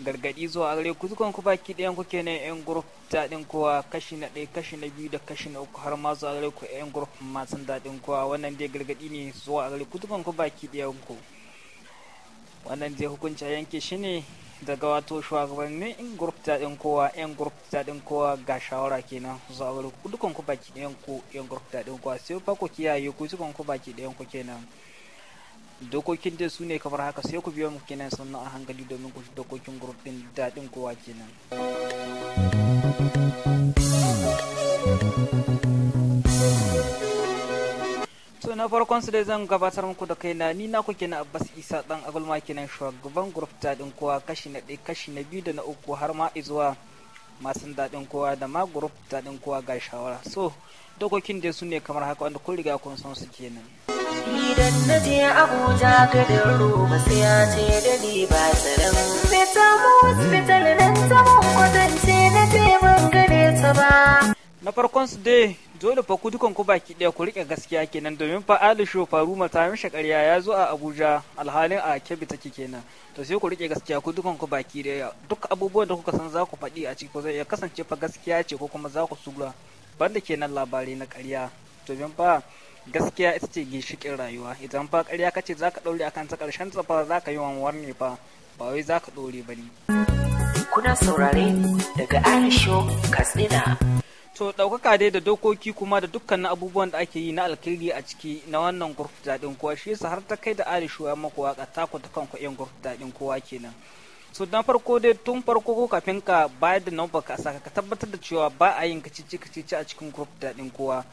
gargadi zuwa gare ku zukan ku baki ɗayan ku kenan yan group daɗin kowa kashi na ɗaya kashi na biyu da kashi na uku har ma zuwa gare ku yan group masu daɗin kowa wannan dai gargadi ne zuwa gare ku zukan ku baki ɗayan ku wannan dai hukunci a yanke shi ne daga wato shugabannin in group daɗin kowa yan group daɗin kowa ga shawara kenan zuwa gare ku dukan ku baki ɗayan ku yan group daɗin kowa sai fa ku kiyaye ku zukan ku baki ɗayan ku kenan. dokokin da su ne kamar haka sai ku biyo mu kenan sannan a hankali domin ku dokokin group din daɗin kowa kenan so na farkon su dai zan gabatar muku da kaina ni na ku kenan Abbas Isa dan Agulma kenan shugaban group daɗin kowa kashi na ɗaya kashi na biyu da na uku har ma izuwa masu daɗin kowa da ma daɗin kowa ga shawara so dokokin da su ne kamar haka wanda kun riga kun san su kenan idan na je abuja gadin ruwa sai ya ce da ni ba tsaron bai mu hospital nan zaman kwatance na je ban gane ta ba na farkon su dai dole fa ku dukan ku baki daya ku rike gaskiya kenan domin fa Ali ta matayin shakariya ya zo a Abuja alhalin a Kebbi take kenan to sai ku rike gaskiya ku dukan ku baki ɗaya duk abubuwan da kuka san za ku faɗi a ciki ko zai kasance fa gaskiya ce ko kuma za ku sura banda kenan labarai na ƙarya domin fa gaskiya ita ce ginshiƙin rayuwa idan fa ƙarya kace za ka ɗaure akan ta ƙarshen tsafa za ka yi wanwar ne fa ba wai za ka ɗore ba ne. Kuna saurare daga Aisho Katsina. To ɗaukaka dai da dokoki kuma da dukkanin abubuwan da ake yi na alkhairi a ciki na wannan gurfi daɗin kowa shi yasa har ta kai da Ali Shuwa maku waka taku ta kanku yan gurfi daɗin kowa kenan. So na farko dai tun farko ko kafin ka bayar da nan baka saka ka tabbatar da cewa ba a yin kacici kacici a cikin gurfi daɗin kowa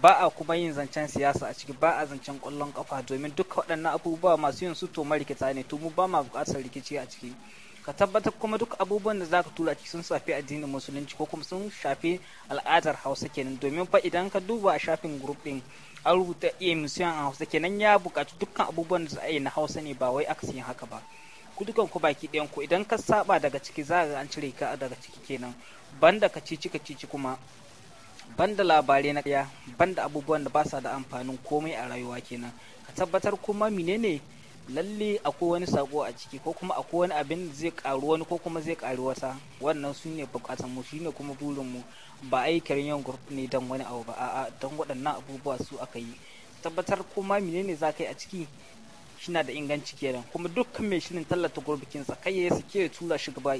ba a kuma yin zancen siyasa a ciki ba a zancen ƙwallon ƙafa domin duka waɗannan abubuwa masu yin su to marikita ne to mu ba ma buƙatar rikici a ciki. ka tabbatar kuma duk abubuwan da zaka tura ciki sun shafi addinin musulunci ko kuma sun shafi al'adar hausa kenan domin fa idan ka duba a shafin group din an rubuta iya musulun a hausa kenan ya bukaci dukkan abubuwan da za a yi na hausa ne ba wai aka akasin haka ba ku dukan ku baki ɗayan ku idan ka saba daga ciki za ga an cire ka daga ciki kenan banda ka cici ka cici kuma banda labarai na ɗaya banda abubuwan da ba sa da amfanin komai a rayuwa kenan ka tabbatar kuma menene ne lalle akwai wani sako a ciki ko kuma akwai wani abin da zai karu wani ko kuma zai karu wata wannan su ne bukatan mu shine kuma burin mu ba ai yan group ne dan wani abu ba a'a dan waɗannan abubuwa su aka yi tabbatar kuma menene za ka yi a ciki shina da inganci kenan kuma dukkan mai shirin tallata kin sa kai ya sake tura shi gaba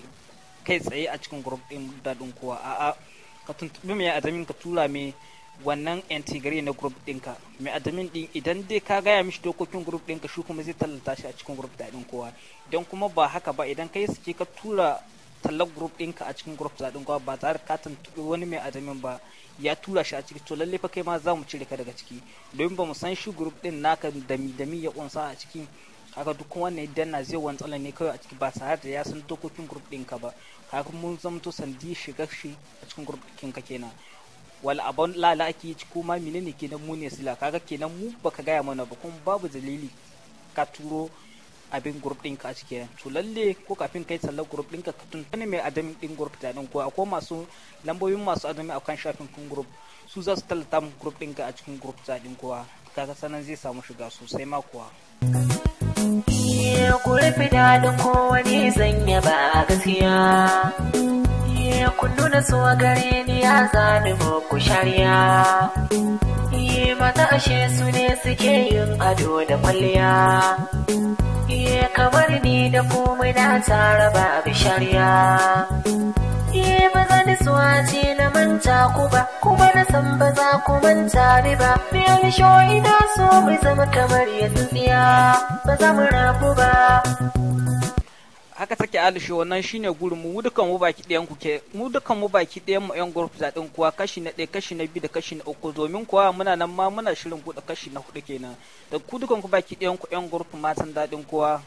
kai tsaye a cikin group din dadin kowa a'a ka tuntubi mai azamin ka tura mai wannan integrate na group dinka mai admin din idan dai ka gaya mishi dokokin group dinka shi kuma zai tallata shi a cikin group din kowa idan kuma ba haka ba idan kai suke ka tura tallar group dinka a cikin group din kowa ba tare ka tuntuɓi wani mai admin ba ya tura shi a ciki to lalle fa kai ma za mu cire ka daga ciki domin ba mu san shi group din naka dami dami ya kunsa a ciki haka duk wannan idan na zai wantsala ne kawai a ciki ba tare da ya san dokokin group dinka ba kafin mun zamto sandi shiga shi a cikin group dinka kenan wal abon lala ake yi kuma menene kenan mu ne sila kaga kenan mu baka gaya mana ba kuma babu dalili ka turo abin group ka a cikin to lalle ko kafin kai sallar group ɗinka ka tuntuni mai adamin din group da ɗin ko akwai masu lambobin masu a akan shafin kun group su za su tallata mu group ka a cikin group da din kowa kaga sanan zai samu shiga sosai ma kuwa. Eh, ku rufe daɗin kowane zanya ba gaskiya. kun su suwa gare ni ya zani ku shari'a. iye mata ashe su ne suke yin ado da kwalliya iye kamar ni da komai na tara ba bi shariya iye ba zani su ce na manta ku ba kuma na san ba za ku manta ni ba biyar shoyi na so mai zama kamar ya tsintsiya ba za mu rabu ba haka take alishe wannan shine gurin mu dukan mu baki ɗayan ku ke mu dukan mu baki ɗayan mu ƴan group zaɗin kuwa kashi na ɗaya kashi na biyu da kashi na uku domin kuwa muna nan ma muna shirin buɗe kashi na huɗu kenan da ku dukan ku baki ɗayan ku ƴan group matan daɗin kuwa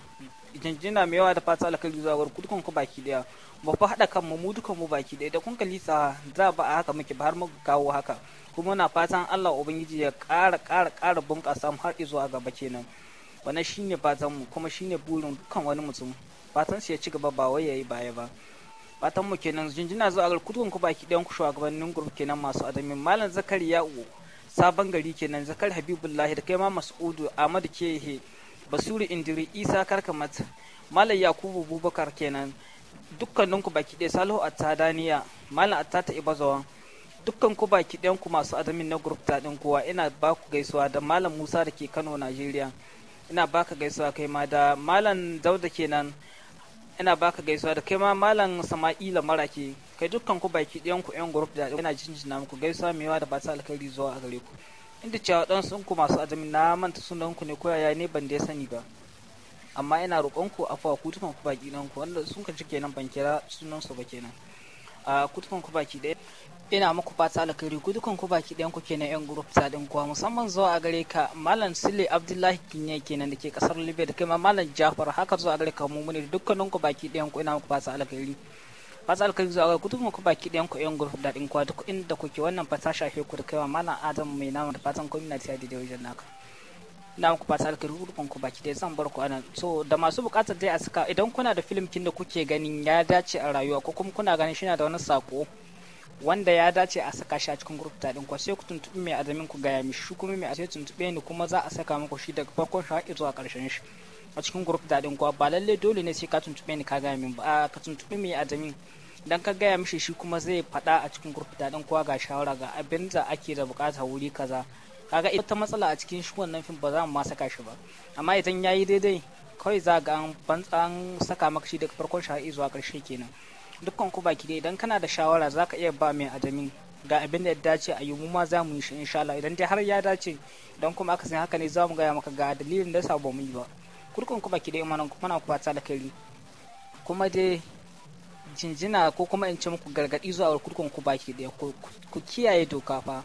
jinjina mai yawa da fata alkhairi zuwa ga dukan ku baki ɗaya mu fa haɗa kan mu dukan mu baki ɗaya da kun kalisa za ba a haka muke ba har mu kawo haka kuma muna fatan Allah ubangiji ya ƙara ƙara ƙara bunƙasa mu har zuwa gaba kenan wannan shine fatan mu kuma shine burin dukan wani mutum fatan su ya ci gaba ba wai yayi baya ba fatan mu kenan jinjina zuwa ga kudin ku baki ɗayan ku shugabannin group kenan masu adamin malam zakari ya'u sabon gari kenan zakar habibullahi da kai ma mas'udu ahmadu kehe basuri indiri isa karkamat malam yakubu bubakar kenan dukkaninku baki ɗaya salihu attadaniya malam attata ibazawa dukkan ku baki ɗayan ku masu adamin na group ta ɗin kowa ina ba ku gaisuwa da malam musa da ke kano najeriya ina baka gaisuwa kai ma da malam dauda kenan ina baka gaisuwa da kai ma malam sama'ila maraki kai dukkan ku baki ɗayan ku yan group da ina jinjina muku gaisuwa mai yawa da ba ta alkhairi zuwa a gare ku inda cewa dan sun ku masu azumi na manta sunan ku ne ko yaya ne ban da sani ba amma ina roƙon ku afuwa ku dukan ku baki ɗayan ku wanda sun ka ci kenan ban kira sunan su ba kenan a ku ku baki ɗaya ina muku fata alkhairi ku dukan ku baki ɗayan ku kenan yan group ta din kuwa musamman zuwa a gare ka malam sule abdullahi kinya kenan da ke kasar libya da kai ma malam jafar haka zuwa a gare ka mu ne dukkanin ku baki ɗayan ku ina muku fata alkhairi fata alkhairi zuwa ga kudu ku baki ɗayan ku yan group da din kuwa duk inda kuke wannan fata shafe ku da kai ma malam adam mai nama da fatan community ya da wajen naka na muku fata alkhairi dukkan ku baki ɗaya zan bar ku anan so da masu bukatar dai a saka idan kuna da film kin da kuke ganin ya dace a rayuwa ko kuma kuna ganin shi na da wani sako wanda ya dace a saka shi a cikin group ta din ku sai ku tuntubi mai azamin ku gaya mishi shi kuma mai sai tuntube ni kuma za a saka muku shi daga farkon shi zuwa karshen shi a cikin group ta din ku ba lalle dole ne sai ka tuntube ni ka gaya min ba ka tuntubi mai adamin dan ka gaya mishi shi kuma zai faɗa a cikin group ta din ku ga shawara ga abin da ake da bukata wuri kaza kaga ita ta matsala a cikin shi wannan fim ba za mu ma saka shi ba amma idan yayi daidai kawai za ga an saka maka shi daga farkon shi zuwa karshe kenan dukkan ku baki dai idan kana da shawara za ka iya ba mai adami ga abin da ya dace a yi mu ma za mu yi shi insha idan dai har ya dace idan kuma aka san haka ne za mu gaya maka ga dalilin da sa ba mu yi ba kurkun ku baki dai kuma na ku fata kai kuma dai jinjina ko kuma in ce muku gargadi zuwa kurkun ku baki dai ku kiyaye doka fa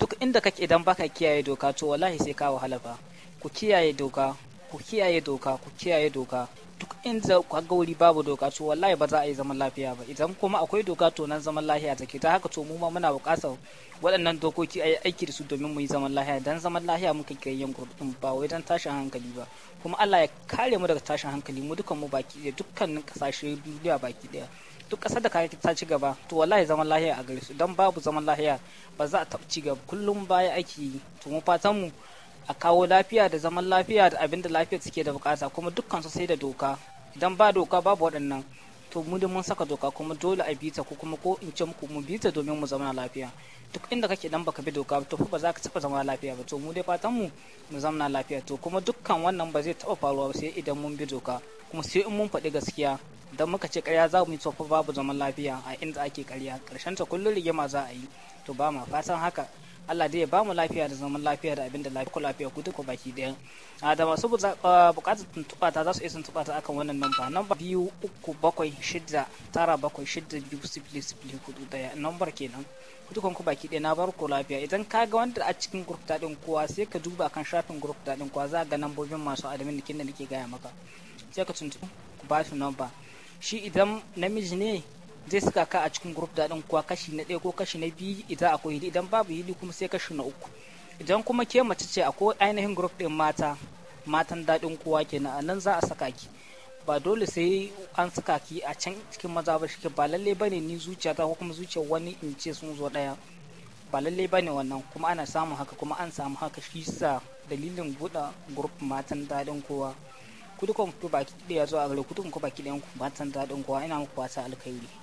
duk inda kake idan baka kiyaye doka to wallahi sai ka wahala fa ku kiyaye doka ku kiyaye doka ku kiyaye doka duk inda ga wuri babu doka to wallahi ba za a yi zaman lafiya ba idan kuma akwai doka to nan zaman lafiya take ta haka to mu ma muna buƙatar waɗannan dokoki a yi aiki da su domin mu yi zaman lafiya dan zaman lafiya muka kai yin gurbin ba wai dan tashin hankali ba kuma Allah ya kare mu daga tashin hankali mu dukan mu baki da dukkanin kasashe duniya baki daya duk ƙasar da ka ta ci gaba to wallahi zaman lafiya a gare su dan babu zaman lafiya ba za a taɓa ci gaba kullum baya aiki to mu fatan mu a kawo lafiya da zaman lafiya da abin da lafiyar suke da bukata kuma dukkan su sai da doka idan ba doka babu waɗannan to mu da mun saka doka kuma dole a bita ko kuma ko in ce muku mu bita domin mu zama lafiya duk inda kake dan baka bi doka to fa ba za ka taba zama lafiya ba to mu dai fatan mu mu zama lafiya to kuma dukkan wannan ba zai taba faruwa ba sai idan mun bi doka kuma sai in mun faɗi gaskiya dan muka ce ƙarya za mu yi fa babu zaman lafiya a inda ake ƙarya ƙarshen ta kullum rigima za a yi to ba ma fatan haka Allah dai ya ba mu lafiya da zaman lafiya da abin da lafiya lafiya ku duka baki daya a da masu uh, bukatar tuntuɓa ta za su iya tuntuɓa ta akan wannan namba namba biyu uku bakwai shida tara bakwai shida biyu sifili sifili hudu daya nambar kenan ku duka ku baki daya na bar ku lafiya idan ka ga wanda a cikin group din kowa sai ka duba kan shafin group din kowa za ga nambobin masu admin da kin da nake gaya maka sai ka tuntuɓa ku ba shi namba shi idan namiji ne zai suka ka a cikin group da din kuwa kashi na ɗaya ko kashi na biyu idan akwai hili idan babu hili kuma sai kashi na uku idan kuma ke mace ce akwai ainihin group din mata matan daɗin kowa kenan a nan za a saka ki ba dole sai an saka ki a can cikin maza ba shike ba lalle bane ni ta ko kuma zuciyar wani in ce sun zo ɗaya ba lalle bane wannan kuma ana samun haka kuma an samu haka shi sa dalilin buɗe group matan daɗin kowa kudukan ku baki ɗaya zuwa gare kudukan ku baki ɗayan ku matan daɗin kowa ina muku fata alkhairi